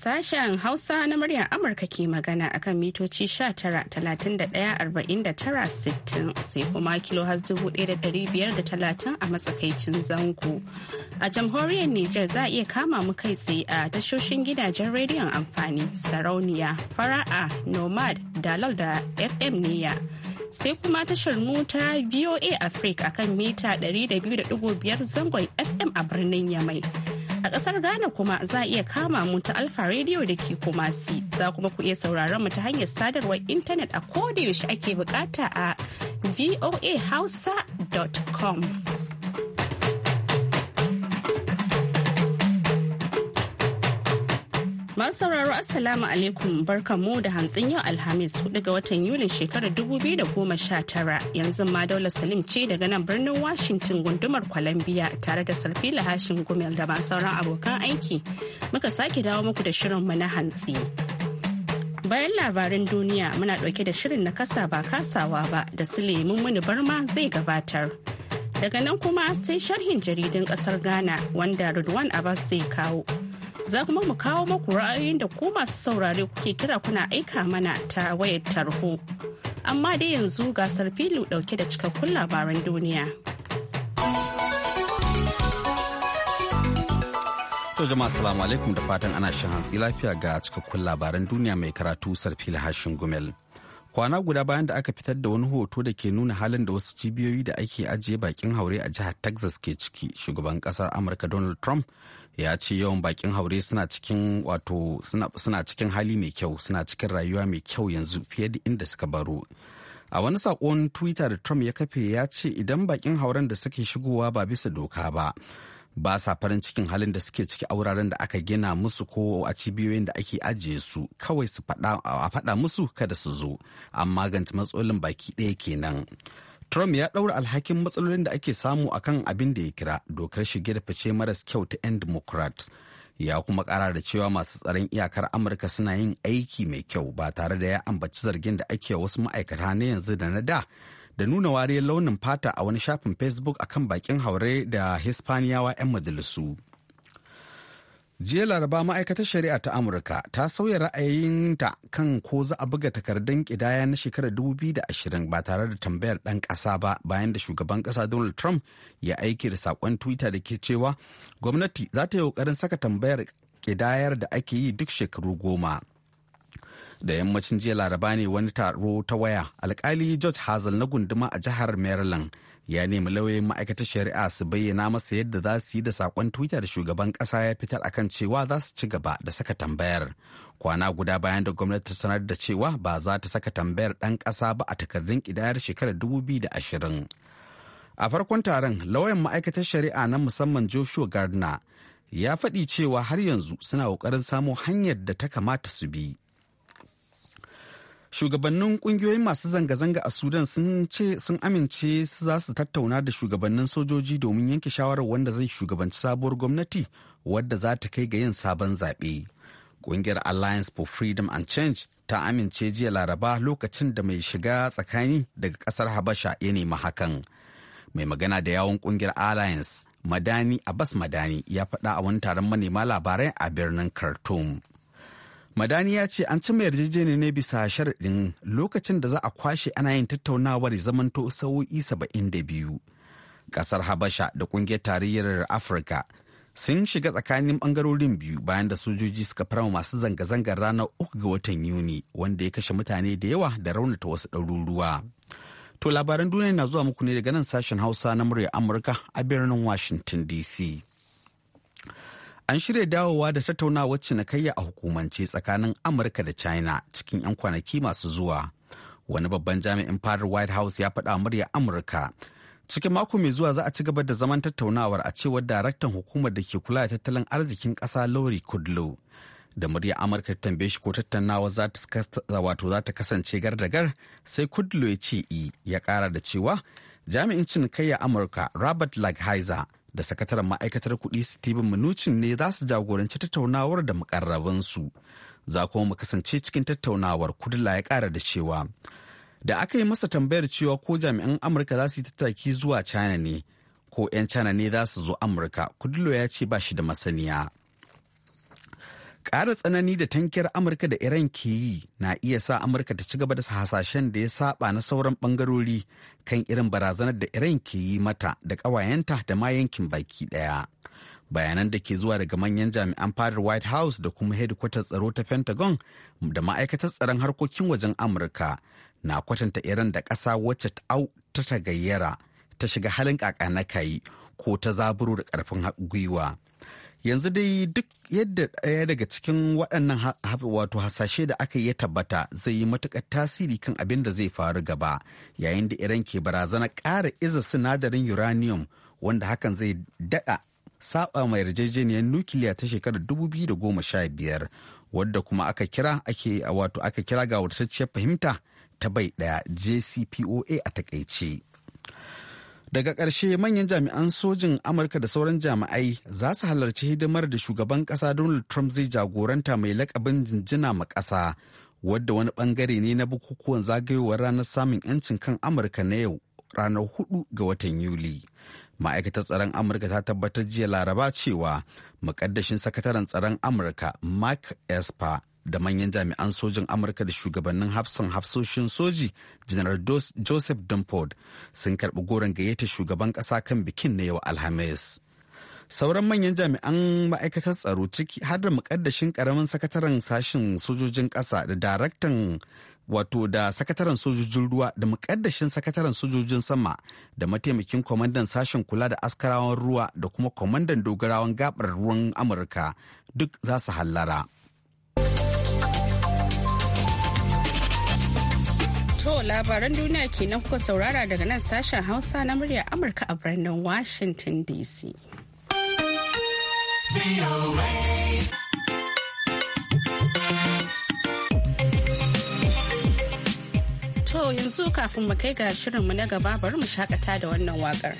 Sashen Hausa na muryar Amurka ke magana akan mitoci 19,31,49,60 sai kuma kilo has 1,530 a matsakaicin zango. A jamhuriyar Niger za a iya kama mu kai tsaye a tashoshin gidajen rediyon amfani, sarauniya, fara'a, nomad, dalal da FM niya. sai kuma tashar mu VOA Africa akan mita 200.5 zangon FM a birnin Yamai. A ƙasar Ghana kuma za a iya kama mu ta Alfa Radio da ke Kumasi. Za kuma ku iya sauraron mu ta hanyar sadarwar intanet a kodayaushe ake bukata a voahausa.com. Masu sauraro Assalamu alaikum barkamu da hantsin yau Alhamis 4 ga watan yuli shekarar 2019 yanzu ma Daula Salim ce daga nan birnin Washington gundumar Columbia tare da Sarfila lahashin Gumel da masu sauran abokan aiki muka sake dawo muku da shirin mu na hantsi. Bayan labarin duniya muna dauke da shirin na kasa ba kasawa ba da su lemun mini barma zai gabatar. Daga nan kuma sai sharhin jaridun kasar Ghana wanda Rudwan Abbas zai kawo. za kuma mu kawo maku ra'ayoyin da ku masu saurare kuke kira kuna aika mana ta wayar tarho. Amma dai yanzu gasar filu dauke da cikakkun labaran duniya. To jama'a salamu alaikum da fatan ana shan hantsi lafiya ga cikakkun labaran duniya mai karatu sarfila hashin gumel. kwana guda bayan da aka fitar da wani hoto da ke nuna halin da wasu cibiyoyi da ake ajiye bakin haure a jihar texas ke ciki shugaban kasar amurka donald trump ya ce yawan bakin haure suna cikin wato suna cikin hali mai kyau suna cikin rayuwa mai kyau yanzu fiye da inda suka baro a wani sakon twitter da trump ya kafe ya ce idan bakin hauren da suke shigowa ba bisa doka ba ba sa farin cikin halin da suke ciki a wuraren da aka gina musu ko a cibiyoyin da ake ajiye su kawai su a faɗa musu kada su zo an magance matsalolin baki ɗaya kenan. Trump ya ɗaura alhakin matsalolin da ake samu a kan abin da ya kira dokar shige da fice maras kyau ta 'yan Democrats. Ya kuma ƙara da cewa masu tsaron iyakar Amurka suna yin aiki mai kyau ba tare da ya ambaci zargin da ake wasu ma'aikata na yanzu da na da da nuna wariyar launin fata a wani shafin Facebook akan bakin haure da Hispaniyawa 'yan majalisu. jiya laraba ma'aikatar shari'a ta amurka ta sauya ra'ayinta kan ko za a buga takardun kidaya na shekarar 2020 ba tare da tambayar ɗan ƙasa ba bayan da shugaban ƙasa donald trump ya aiki da saƙon twitter da ke cewa gwamnati za ta yi ƙoƙarin saka tambayar kidayar da ake yi duk shekaru goma da yammacin jiya laraba ne wani taro ta waya alkali george hazel na gunduma a jihar maryland ya nemi lauyoyin ma'aikatar shari'a su bayyana masa yadda za su yi da sakon twitter da shugaban ƙasa ya fitar akan cewa za su ci gaba da saka tambayar kwana guda bayan da gwamnati ta sanar da cewa ba za ta saka tambayar ɗan ƙasa ba a takardun ƙidayar shekarar dubu da ashirin. a farkon taron lauyan ma'aikatar shari'a na musamman joshua gardner ya faɗi cewa har yanzu suna ƙoƙarin samo hanyar da ta kamata su bi shugabannin kungiyoyin masu zanga-zanga a sudan sun ce sun amince su za su tattauna da shugabannin sojoji domin yanke shawarar wanda zai shugabanci sabuwar gwamnati wadda za ta kai ga yin sabon zaɓe ƙungiyar alliance for freedom and change ta amince jiya laraba lokacin da mai shiga tsakani daga ƙasar habasha ya nemi hakan mai magana da yawon ƙungiyar alliance madani abbas madani ya faɗa a wani taron manema labarai a birnin khartoum madani ya ce an cimma yarjejeniyar ne bisa sharaɗin lokacin da za a kwashe ana yin tattaunawar zamanto sa'o'i saba'in da biyu ƙasar habasha da ƙungiyar tarayyar afirka sun shiga tsakanin ɓangarorin biyu bayan da sojoji suka wa masu zanga-zangar ranar uku ga watan yuni wanda ya kashe mutane da yawa da raunata wasu ɗaruruwa to labaran duniya na zuwa muku ne daga nan sashen hausa na murya amurka a birnin washington dc an shirya dawowa da tattaunawar cinikayya a hukumance tsakanin amurka da china cikin 'yan kwanaki masu zuwa wani babban jami'in fadar white house ya faɗa murya amurka cikin mako mai zuwa za a ci gaba da zaman tattaunawar a cewar daraktan hukumar da ke kula da tattalin arzikin ƙasa lori kudlow da murya amurka ta tambaye shi ko tattaunawa za ta kasance gar da gar sai kudlow ya ce ya ƙara da cewa jami'in cinikayya amurka robert lighthizer da sakataren ma'aikatar kuɗi Steven Mnuchin ne za su jagoranci tattaunawar da mukarrabansu. Za kuma mu kasance cikin tattaunawar kudula ya ƙara da cewa. Da aka yi masa tambayar cewa ko jami'an Amurka za su yi tattaki zuwa China ne, ko 'yan China ne za su zo Amurka, kudulo ya ce ba shi da masaniya. ƙara tsanani da tankiyar amurka da iran ke yi na iya sa amurka ta ci gaba da hasashen da ya saba na sauran bangarori kan irin barazanar da iran ke yi mata da ƙawayenta da ma yankin baki ɗaya bayanan da ke zuwa daga manyan jami'an fadar white house da kuma hedikwatar tsaro ta pentagon da ma'aikatar tsaron harkokin wajen amurka na kwatanta iran da ƙasa wacce ta tagayyara ta shiga halin ƙaƙa na kayi ko ta zaburo da ƙarfin gwiwa. yanzu dai duk yadda ɗaya daga cikin waɗannan wato hasashe da aka yi tabbata zai yi matuƙar tasiri kan abin da zai faru gaba yayin da iran ke barazana ƙara iza sinadarin uranium wanda hakan zai daɗa saba mai yarjejeniyar nukiliya ta shekarar 2015 wadda kuma aka kira ake wato aka kira ga wadatacciyar fahimta ta bai ɗaya jcpoa a takaice. daga ƙarshe manyan jami'an sojin amurka da sauran jami'ai za su halarci hidimar da shugaban ƙasa donald trump zai jagoranta mai lakabin jinjina ma ƙasa wadda wani ɓangare ne na bukukuwan zagayowar ranar samun 'yancin kan amurka na yau ranar hudu ga watan yuli ma'aikatar tsaron amurka ta tabbatar jiya laraba cewa mukaddashin sakataren tsaron amurka mark esper da manyan jami'an sojin amurka da shugabannin hafsan hafsoshin soji janar joseph dunford sun karbi goron gayyata shugaban kasa kan bikin na yau alhamis sauran manyan jami'an ma'aikatar tsaro ciki har da mukaddashin karamin sakataren sashen sojojin kasa da daraktan wato da sakataren sojojin ruwa da mukaddashin sakataren sojojin sama da mataimakin kwamandan sashen kula da askarawan ruwa da kuma kwamandan dogarawan gabar ruwan amurka duk za su hallara. To labaran duniya kenan kuka saurara daga nan sashen Hausa na muryar Amurka a birnin Washington DC. To yanzu kafin mu kai ga shirinmu na gaba bari mu shakata da wannan wakar.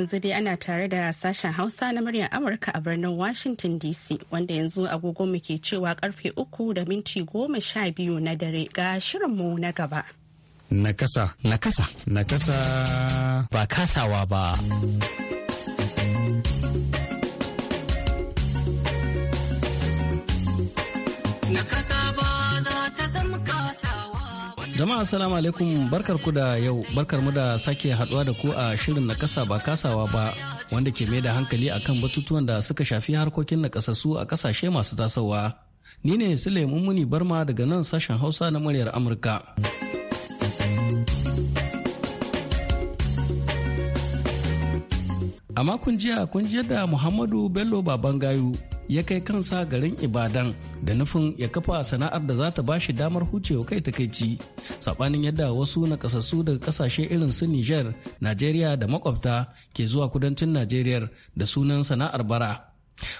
yanzu dai ana tare da sashen Hausa na muryar Amurka a birnin Washington DC wanda yanzu agogo ke cewa karfe uku da minti goma sha biyu na dare ga shirinmu na gaba. Nakasa. Nakasa. Nakasa. Ba kasawa ba. Nakasa. Jama'a salamu alaikum barkar ku da yau barkar mu da sake haduwa da ku a shirin na kasa ba kasawa ba wanda ke mai da hankali akan batutuwan da suka shafi harkokin na kasassu a kasashe masu tasowa. Ni ne Sule Mummuni Barma daga nan sashen Hausa na muryar Amurka. A makon jiya kun da Muhammadu Bello Babangayu ya kai kansa garin Ibadan da nufin ya kafa sana'ar da za ta ba shi damar hucewa kai takaici. saɓanin yadda wasu na ƙasassu daga kasashe irin su Niger, Najeriya da makwabta ke zuwa kudancin Najeriya da sunan sana'ar bara.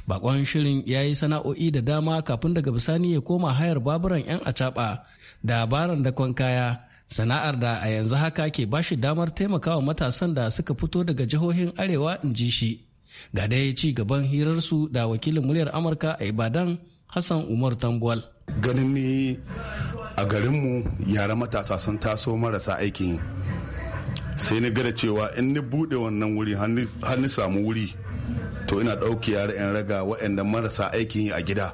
Bakon shirin ya yi sana'o'i da dama kafin daga bisani ya koma hayar baburan 'yan acaɓa da baran da kaya sana'ar da a yanzu haka ke ba shi damar taimakawa matasan da suka fito daga jihohin arewa in ji shi. Ga dai ci gaban hirarsu da wakilin muryar Amurka a Ibadan Hassan Umar Tambuwal. Ganin ni a garinmu yara matasa sun taso marasa aikin sai ni gada cewa in ni bude wannan wuri har ni samu wuri to ina ɗauki yara 'yan raga waɗanda marasa aikin yi a gida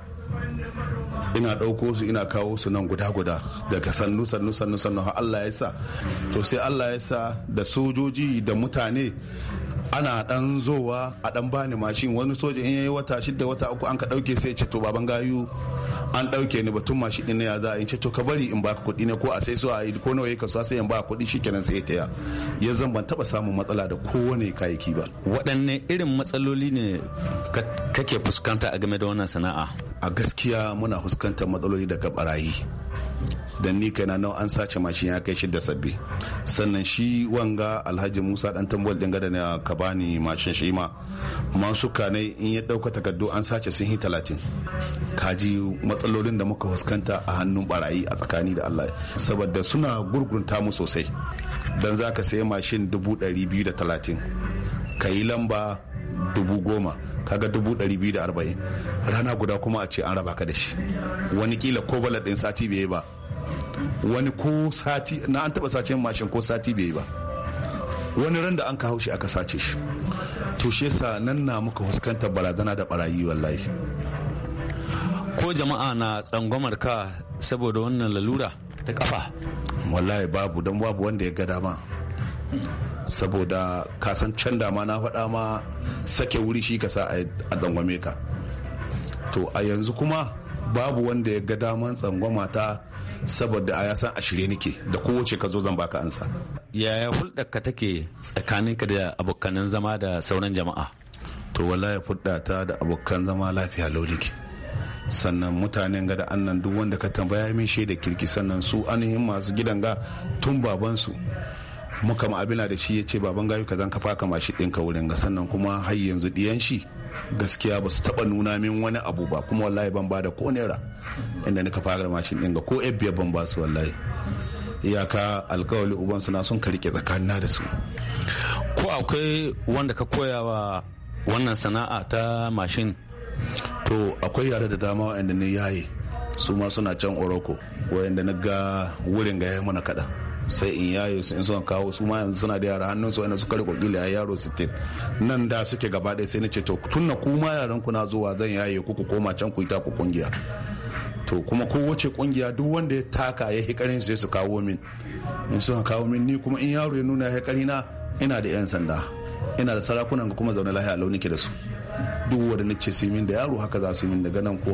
ina ɗauko su ina kawo su nan guda-guda daga sannu sannu sannu sannu har Allah ya sa to sai Allah ya sa da sojoji da mutane ana dan zowa a dan bani mashin wani soja in yayi wata shida wata uku an ka dauke sai ce to baban gayu an dauke ni batun mashin din ya za in ce to ka bari in baka kuɗi ne ko a sai so a ko nawa yake so sai in ba kudi shikenan sai ya ya zan ban taba samun matsala da kowane kayayyaki ba waɗanne irin matsaloli ne kake fuskanta a game da wannan sana'a a gaskiya muna fuskantar matsaloli daga barayi dan ni kaina nawa an sace mashin ya kai shidda sabbi sannan shi wanga alhaji musa dan tambol din gada na ka bani mashin shi ma masu kanai in ya dauka takardu an sace sun yi talatin kaji matsalolin da muka fuskanta a hannun barayi a tsakani da allah saboda suna gurgunta mu sosai dan za ka sayi mashin dubu ɗari biyu da talatin ka yi lamba dubu goma kaga dubu ɗari biyu da arba'in rana guda kuma a ce an raba ka da shi wani kila ko bala ɗin sati bai ba wani ko sati na an taba sace mashin ko sati bai yi ba wani ran da an kawo shi aka sace shi to shi yasa nan na muka fuskantar barazana da barayi wallahi ko jama'a na tsangwamar ka saboda wannan lalura ta kafa wallahi babu don babu wanda ya ga dama saboda kasan can dama na faɗa ma sake wuri shi ka sa a dangwame ka to a yanzu kuma babu wanda ya ga daman tsangwama ta saboda a yasan a shirye nake da kowace ka zo zan baka ansa yaya hulɗar ka take tsakaninka da abokanan zama da sauran jama'a to wallahi hulɗa ta da abokan zama lafiya launike sannan mutanen ga da annan duk wanda ka tambaya min shaida kirki sannan su ainihin masu gidan ga tun babansu muka ma abina da shi ya ce baban gayu ka zan kafa kama shi ɗinka wurin ga sannan kuma har yanzu ɗiyan shi gaskiya ba su taba nuna min wani abu ba kuma wallahi ban ba da ko naira inda nika fara mashin din ga ko ebbiya ban ba su wallahi iyaka alkawali uban suna son ka rike tsakanina da su ko akwai wanda ka koya wa wannan sana'a ta mashin to akwai yare da dama wanda ne yaye su ma suna can oroko wa'anda na ga wurin ga ya mana kaɗan sai in yayo su in son kawo su ma yanzu suna da yara hannun su wanda suka riko kila ya yaro 60 nan da suke gaba ɗaya sai na ce to tunna kuma yaran ku na zuwa zan yaye ku ku koma can ku yi ta ku kungiya to kuma ko wace kungiya duk wanda ya taka ya hikarin sai su kawo min in suka kawo min ni kuma in yaro ya nuna hikari na ina da yan sanda ina da sarakunan kuma zaune lahiya launin ki da su duk wanda ce su yi min da yaro haka za su yi min daga nan ko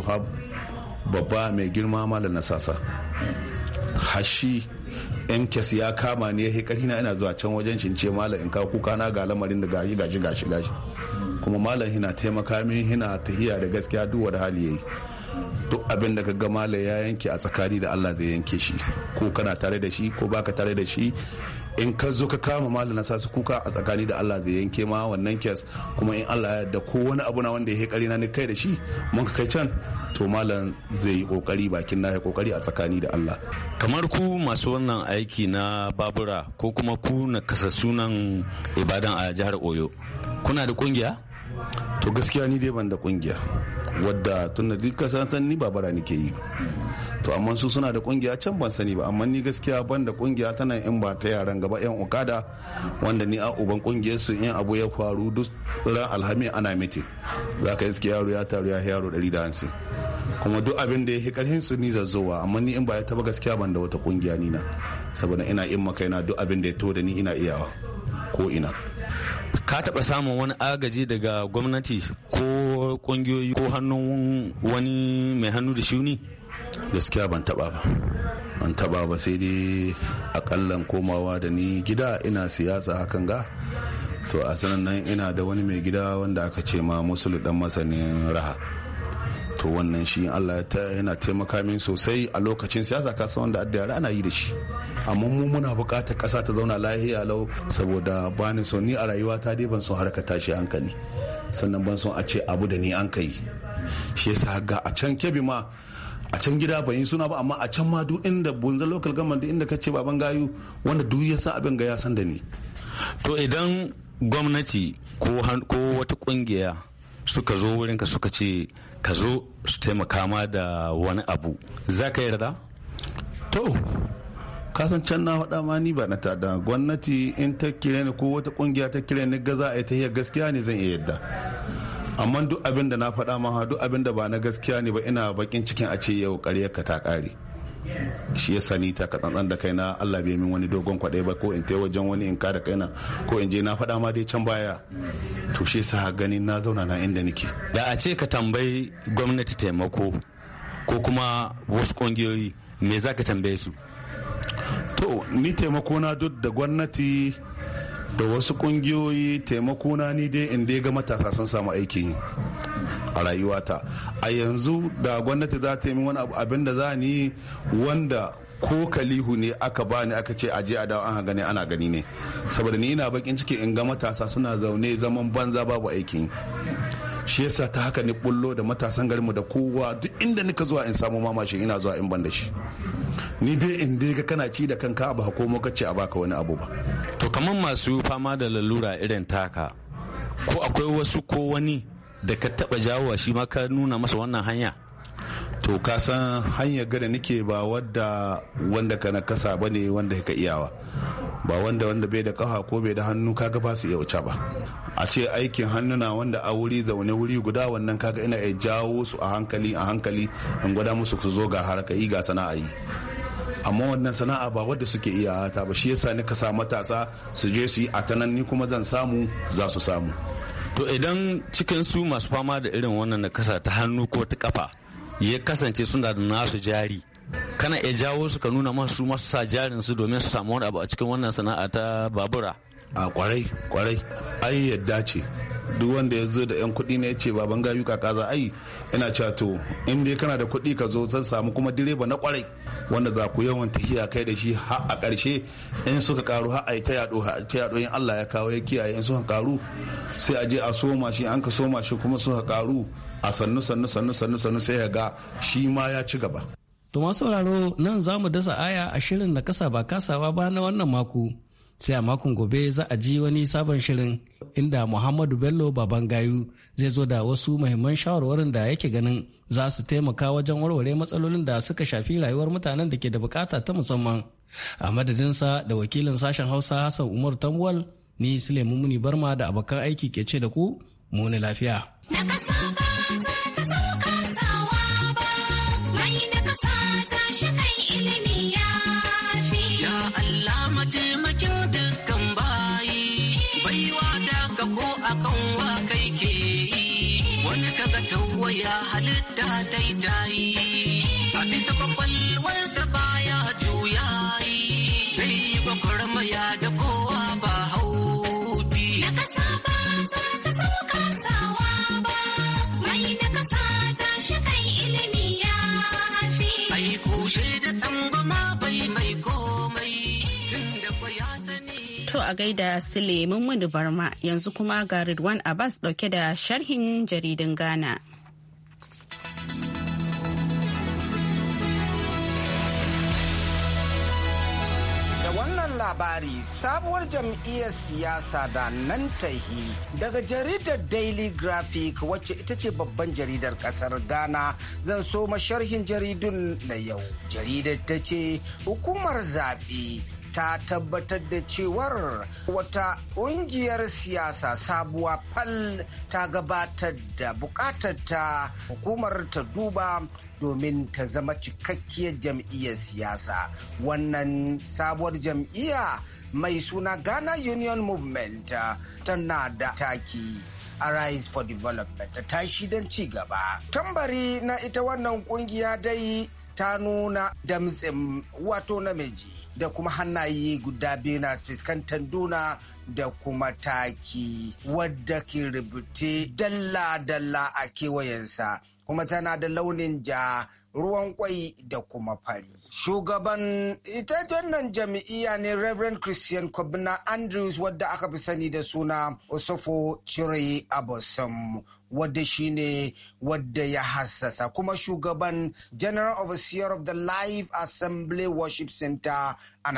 babba mai girma malam nasasa sasa hashi yan kes ya kama ne ya karhi na ina zuwa can wajen cince malam in kawo kuka na ga lamarin da gashi gashi gashi gashi kuma malam hina taimaka min hina tahiya da gaskiya duk wani hali yayi duk abin da ga malam ya yanke a tsakani da Allah zai yanke shi ko kana tare da shi ko baka tare da shi in ka zo ka kama malam na sasu kuka a tsakani da Allah zai yanke ma wannan kes kuma in Allah ya da ko wani abu na wanda ya kari na ni kai da shi mun ka kai can to malam zai yi kokari bakin na ya kokari a tsakani da Allah kamar ku masu wannan aiki na babura ko kuma ku na kasa sunan ibadan a jihar Oyo kuna da kungiya to gaskiya ni dai ban da kungiya wadda tun da duk san ni babura nake yi to amma su suna da kungiya can ban sani ba amma ni gaskiya ban da kungiya tana in ba ta yaran gaba yan okada wanda ni a uban kungiyar su in abu ya faru duk ran alhamis ana miti za ka iske yaro ya taru ya yaro da hansi kuma duk abin da ya karhin su ni zazzowa amma ni in ba ya taba gaskiya ban da wata kungiya ni na saboda ina in makaina duk abin da ya to da ni ina iyawa ko ina ka taba samun wani agaji daga gwamnati ko ƙungiyoyi ko hannun wani mai hannu da shuni gaskiya ban taba ba ban taba ba sai dai akallan komawa da ni gida ina siyasa hakan ga to a sanannan ina da wani mai gida wanda aka ce ma musulu dan masanin raha to wannan shi allah yana taimaka min sosai a lokacin siyasa kasa wanda adda ana yi da shi amma mu muna bukatar kasa ta zauna lahiya lau saboda bani so ni a rayuwa ta dai ban so harka tashi hankali sannan ban so a ce abu da ni an kai shi yasa ga a can kebi ma a can gida ba yin suna ba amma a can ma duk inda bunza local government inda kace ban gayu wanda duk ya sa abin ga ya san da ni to idan gwamnati ko wata kungiya suka zo wurinka suka ce ka zo su taimaka ma da wani abu za ka yarda to kasan can na faɗa ma ni ba na tada gwamnati in ta kire ni ko wata kungiya ta kire ni za a yi ta gaskiya ne zan iya yarda amma duk abin da na faɗa ma duk abin da ba na gaskiya ne ba ina bakin cikin a ce yau kare ka ta kare shi ya sani ta ka tsantsan da kaina Allah bai min wani dogon kwaɗe ba ko in tai wajen wani in kada kaina ko in je na faɗa ma dai can baya to shi sa gani na zauna na inda nake da a ce ka tambayi gwamnati taimako ko kuma wasu ƙungiyoyi me za ka tambaye su to ni taimako na duk da gwamnati da wasu kungiyoyi taimako na ni dai in dai ga matasa sun samu aiki a rayuwata a yanzu da gwamnati za ta yi wani abin da za ni wanda ko kalihu ne aka ba ni aka ce a je a dawo an gani ana gani ne saboda ni ina bakin ciki in ga matasa suna zaune zaman banza babu aikin shi yasa ta haka ni bullo da matasan garinmu da kowa duk inda nika zuwa in samu mamashin ina zuwa in ban da shi ni dai in dai ga kana ci da kanka ba ko mu kace a baka wani abu ba to kamar masu fama da lalura irin taka ko akwai wasu ko wani da ka taba jawowa shi ma ka nuna masa wannan hanya to ka san hanyar gada nike ba wadda wanda ka kasa ba ne wanda ka iyawa ba wanda wanda bai da kafa ko bai da hannu kaga ba su iya wuce ba a ce aikin hannuna wanda a wuri zaune wuri guda wannan kaga ina iya jawo su a hankali a hankali in gwada musu su zo ga yi ga sana'a yi amma wannan sana'a ba wadda suke iya ta ba shi yasa ni ka sa matasa su je su yi a ni kuma zan samu za su samu to idan cikin su masu fama da irin wannan kasa ta hannu ko ta kafa ya kasance suna da nasu jari kana iya jawo su ka nuna masu masu sa jarin su domin su samu wani abu a cikin wannan sana'a ta babura a kwarai kwarai ai yadda ce duk wanda ya zo da yan kuɗi ne ya ce baban gayu kaka za ai ina cewa to in dai kana da kuɗi ka zo zan samu kuma direba na kwarai wanda za ku yawan tahiya kai da shi har a ƙarshe in suka karu har ai ta ta har ta yado in Allah ya kawo ya kiyaye in suka karu sai a je a soma shi an ka soma shi kuma suka karu a sannu sannu sannu sannu sannu sai ya ga shi ma ya ci gaba To masu sauraro nan za mu dasa aya a shirin na kasa ba kasawa ba na wannan mako. Sai a makon gobe za a ji wani sabon shirin inda Muhammadu Bello Baban Gayu zai zo da wasu mahimman shawarwarin da yake ganin za su taimaka wajen warware matsalolin da suka shafi rayuwar mutanen da ke da bukata ta musamman. A madadinsa da wakilin sashen Hausa Hassan Umar Tambuwal ni Suleiman Muni Barma da abokan aiki ke ce da ku muni lafiya. Na kasa ba ta sauka. a gaida Sule wani Barma yanzu kuma ga Ridwan Abbas dauke da sharhin jaridin Ghana. wannan labari sabuwar jam'iyyar siyasa da nan tahi daga jaridar daily graphic wacce ita ce babban jaridar kasar ghana zan so sharhin jaridun na yau jaridar ta ce hukumar zaɓe ta tabbatar da cewar wata ƙungiyar siyasa sabuwa fal ta gabatar da bukatar ta hukumar ta duba domin ta zama cikakkiyar jam'iyyar siyasa wannan sabuwar jam'iyya mai suna ghana union movement uh, tana da taki Arise for Development ta shi don ci gaba. Tambari na ita wannan kungiya dai ta nuna damtsin wato namiji da kuma hannaye guda biyu na fuskantar duna da kuma taki wadda ke rubuce dalla-dalla a kewayensa kuma tana da launin ja ruwan kwai da kuma fari. Shugaban ita wannan jam'iyya ne Reverend Christian Kobina Andrews wadda aka fi sani da suna Osofo Chiri Abosom wadda shi ne wadda ya hassasa kuma shugaban General Overseer of the Life Assembly Worship Center a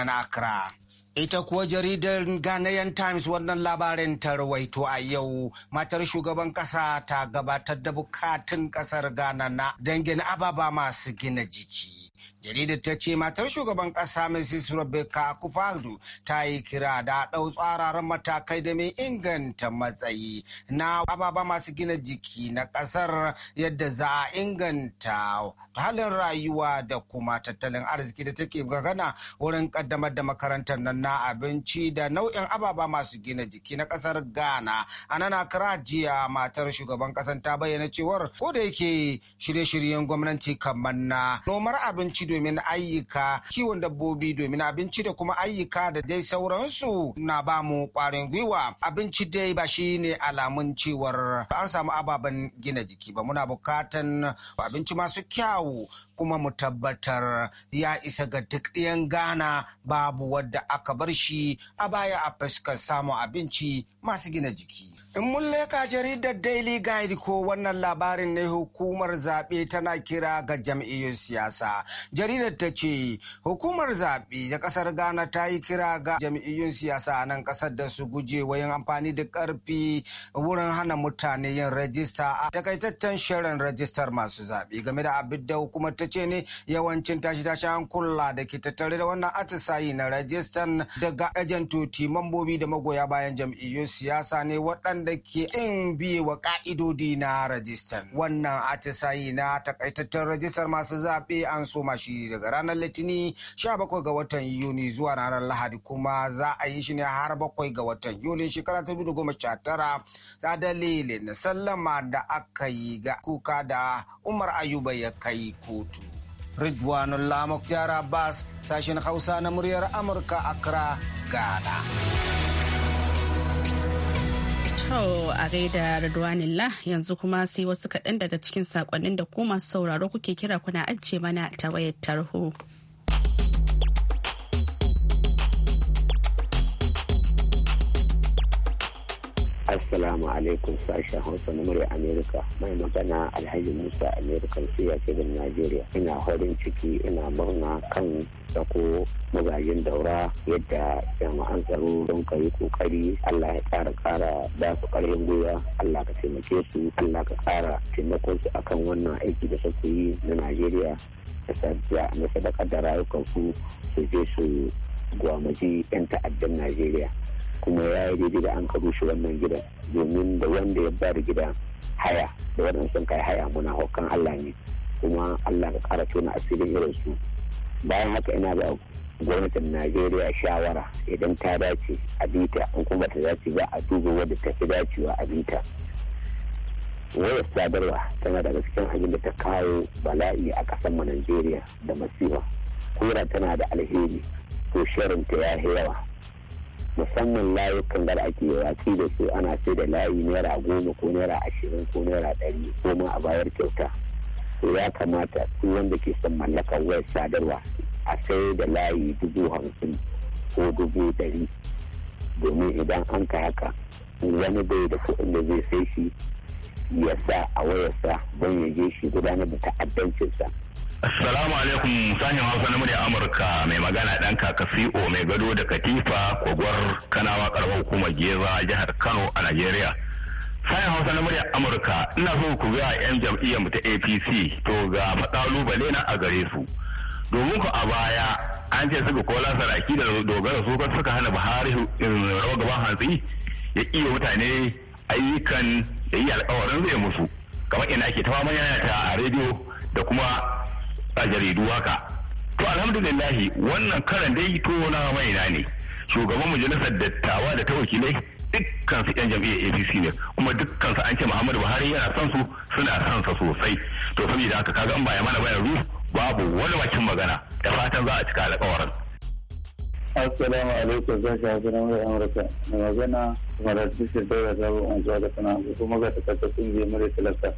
Ita kuwa jaridar Ghanaian Times wannan labarin ta rawaito a yau matar shugaban ƙasa ta gabatar da bukatun ƙasar Ghana na dangin ababa masu gina jiki. jaridar ta ce matar shugaban kasa mrs rebecca Kufadu ta yi kira da ɗau tsararren matakai da mai inganta matsayi na ababa masu gina jiki na ƙasar yadda za a inganta halin rayuwa da kuma tattalin arziki da take gagana wurin ƙaddamar da makarantar nan na abinci da nau'in ababa masu gina jiki na ƙasar ghana a nan jiya matar shugaban ƙasar ta bayyana cewar ko da yake shirye-shiryen gwamnati kamar na nomar abinci domin ayyuka kiwon dabbobi domin abinci da kuma ayyuka da dai sauransu na ba mu kwarin gwiwa abinci dai ba shi ne alamun cewar an samu ababen gina jiki ba muna bukatan abinci masu kyawu kuma mu tabbatar ya isa ga duk ɗayan gana, babu wadda aka bar shi a baya a fuskar samun abinci masu gina jiki. In mun leka jaridar Daily Guide ko wannan labarin ne hukumar zaɓe tana kira ga jam'iyyun siyasa. Jaridar ta ce hukumar zaɓe da ƙasar Ghana ta yi kira ga jam'iyyun siyasa a nan ƙasar da su guje yin amfani da ƙarfi wurin hana mutane yin rajista a takaitaccen shirin rajistar masu zaɓe game da abin da hukumar ta ce ne yawancin tashi-tashi hankula da ke tattare da wannan atisayi na rajistan daga ajantu mambobi da magoya bayan jam'iyyu siyasa ne waɗanda ke in biye wa ka'idodi na rajistan wannan atisayi na takaitattun rajistar masu zaɓe an soma shi daga ranar litini 17 ga watan yuni zuwa ranar lahadi kuma za a yi shi ne har bakwai ga watan yuli shekara ta 2019 ta dalilin sallama da aka yi ga kuka da umar ayuba ya kai kotu Ridwanullah jara bas sashen Hausa na muryar Amurka Accra, Ghana. To a gaida Ridwanullah yanzu kuma sai wasu kaɗan daga cikin saƙonnin da ku masu sauraro kuke kira kuna ajiye mana ta wayar tarho. Assalamu alaikum sashen Hausa na murya Amerika mai magana Alhaji Musa Amerikan Siya cikin Najeriya ina horin ciki ina murna kan sako magajin daura yadda jama'an tsaro don ka yi kokari Allah ya ƙara ƙara ba su ƙarfin gwiwa Allah ka taimake su Allah ka ƙara taimakon su akan wannan aiki da suke yi na Najeriya na sadaka da rayukansu su je su gwamaji 'yan ta'addan Najeriya. kuma ya yi daidai da an ka shi wannan gidan domin da wanda ya ba da gidan haya da waɗanda sun kai haya muna hokan Allah ne kuma Allah ka ƙara tona asirin irin su bayan haka ina ba gwamnatin Najeriya shawara idan ta dace a bita in kuma ta dace ba a duba wadda ta fi dacewa a bita wayar sadarwa tana daga cikin abin da ta kawo bala'i a ƙasar mu Najeriya da masifa kura tana da alheri to sharinta ya yawa musamman layukan da ake watsi da su ana sai da layi naira goma ko naira ashirin ko naira ɗari ko ma a bayar kyauta to ya kamata su wanda ke son mallakar wayar sadarwa a sai da layi dubu hamsin ko dubu ɗari domin idan an ka haka wani bai da kuɗin da zai sai shi ya sa a wayarsa ban ya je shi gudanar da ta'addancinsa Assalamu alaikum Hausa na murya Amurka mai magana dan kaka CO mai gado da Katifa Kogwar Kanawa karamar hukumar Geza jihar Kano a Najeriya. Sashen Hausa na murya Amurka ina so ku ga 'yan jam'iyyar mu ta APC to ga faɗalubale na a gare su. Domin ku a baya an ce suka kola saraki da dogara su suka hana Buhari rawa gaban hantsi ya iya mutane ayyukan da yi alkawarin zai musu. Kamar ina ke ta fama ta a rediyo da kuma a jaridu haka to alhamdulillahi wannan karan dai to na maina ne shugaban majalisar dattawa da ta wakilai dukkan su yan jam'iyyar APC ne kuma dukkan su an ce Muhammadu Buhari yana son su suna son sa sosai to saboda haka kaga an baya mana bayan ru babu wani bakin magana da fatan za a cika alƙawarin Assalamu alaikum zan shi hasirin mai Amurka na magana kuma da cikin da zaɓin unguwa da sana'a kuma ga takardar ƙungiyar talaka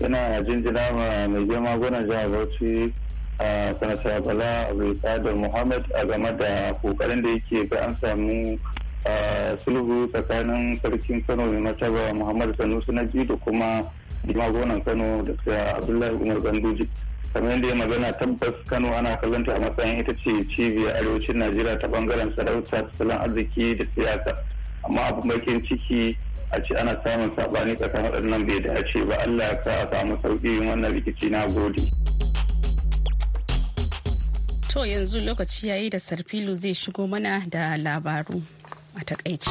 yana jinjina ma mai girma gwanan jihar bauchi a sanata bala abdulkadir muhammad a game da kokarin da yake ga an samu sulhu tsakanin sarkin kano mai martaba muhammad sanusi na ji da kuma gonan kano da abdullahi umar ganduji kamar yadda ya magana tabbas kano ana kallonta a matsayin ita ce cibiyar arewacin najeriya ta bangaren sarauta salon arziki da siyasa amma abu bakin ciki a ce ana samun saɓani tsakanin waɗannan bai da ce ba Allah ya sa a samu sauƙi wannan rikici na gode. To yanzu lokaci yayi da Sarfilu zai shigo mana da labaru a takaice.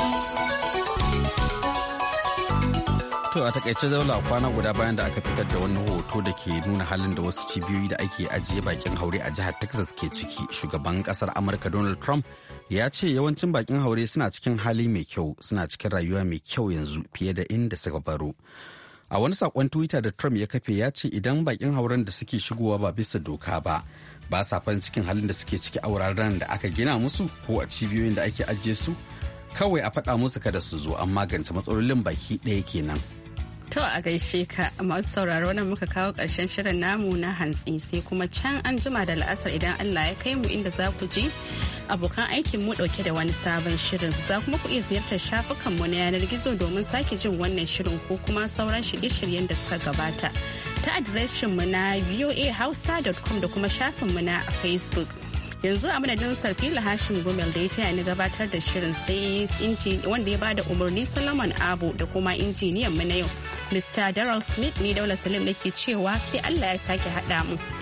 To a takaice zaula kwana guda bayan da aka fitar da wani hoto da ke nuna halin da wasu cibiyoyi da ake ajiye bakin haure a jihar Texas ke ciki, shugaban kasar Amurka Donald Trump ya ce yawancin bakin haure suna cikin hali mai kyau suna cikin rayuwa mai kyau yanzu fiye da inda suka baro a wani sakon twitter da trump ya kafe ya ce idan bakin hauren da suke shigowa ba bisa doka ba ba sa farin cikin halin da suke ciki a wuraren da aka gina musu ko a cibiyoyin da ake ajiye su kawai a faɗa musu kada su zo an magance matsalolin baki ɗaya kenan To a gaishe ka masu sauraro nan muka kawo ƙarshen shirin namu na hantsi sai kuma can an jima da la'asar idan Allah ya kai mu inda za ku je abokan aikin mu ɗauke da wani sabon shirin za kuma ku iya ziyartar shafukan mu na yanar gizo domin sake jin wannan shirin ko kuma sauran shirye-shiryen da suka gabata ta adireshinmu na voahausa.com da kuma shafin mu na facebook. yanzu a madadin sarfila hashim gomel da ya taya ni gabatar da shirin sai inji wanda ya bada umarni solomon abu da kuma injiniyan mu na yau Mr. Daryl Smith ne daular Salim da ke cewa sai Allah ya sake haɗa mu.